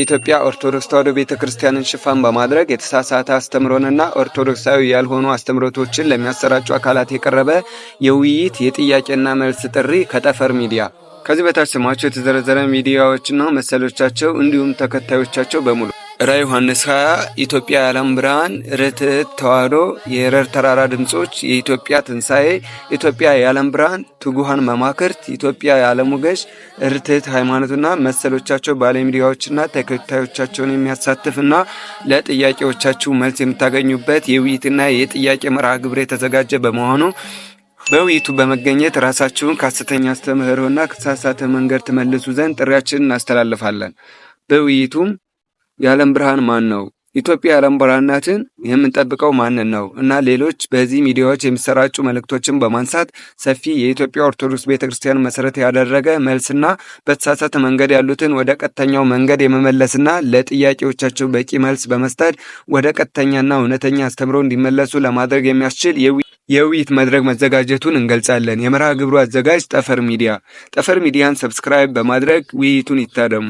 የኢትዮጵያ ኦርቶዶክስ ተዋሕዶ ቤተ ክርስቲያንን ሽፋን በማድረግ የተሳሳተ አስተምሮንና ኦርቶዶክሳዊ ያልሆኑ አስተምሮቶችን ለሚያሰራጩ አካላት የቀረበ የውይይት የጥያቄና መልስ ጥሪ ከጠፈር ሚዲያ። ከዚህ በታች ስማቸው የተዘረዘረ ሚዲያዎችና መሰሎቻቸው እንዲሁም ተከታዮቻቸው በሙሉ ራ ዮሐንስ 20 ኢትዮጵያ የዓለም ብርሃን ርትዕት ተዋህዶ የኤረር ተራራ ድምፆች የኢትዮጵያ ትንሣኤ ኢትዮጵያ የዓለም ብርሃን ትጉሃን መማክርት ኢትዮጵያ የዓለሙ ገዥ ርትዕት ሃይማኖትና መሰሎቻቸው ባለሚዲያዎችና ተከታዮቻቸውን የሚያሳትፍና ለጥያቄዎቻችሁ መልስ የምታገኙበት የውይይትና የጥያቄ መርሃ ግብር የተዘጋጀ በመሆኑ በውይይቱ በመገኘት ራሳችሁን ከሐሰተኛ አስተምህሮና ከተሳሳተ መንገድ ትመልሱ ዘንድ ጥሪያችንን እናስተላልፋለን። በውይይቱም የዓለም ብርሃን ማን ነው? ኢትዮጵያ የዓለም ብርሃን ናትን? የምንጠብቀው ማንን ነው? እና ሌሎች በዚህ ሚዲያዎች የሚሰራጩ መልእክቶችን በማንሳት ሰፊ የኢትዮጵያ ኦርቶዶክስ ቤተ ክርስቲያን መሰረት ያደረገ መልስና በተሳሳተ መንገድ ያሉትን ወደ ቀጥተኛው መንገድ የመመለስና ለጥያቄዎቻቸው በቂ መልስ በመስጠት ወደ ቀጥተኛና እውነተኛ አስተምሮ እንዲመለሱ ለማድረግ የሚያስችል የውይይት መድረክ መዘጋጀቱን እንገልጻለን። የመርሃ ግብሩ አዘጋጅ ጠፈር ሚዲያ። ጠፈር ሚዲያን ሰብስክራይብ በማድረግ ውይይቱን ይታደሙ።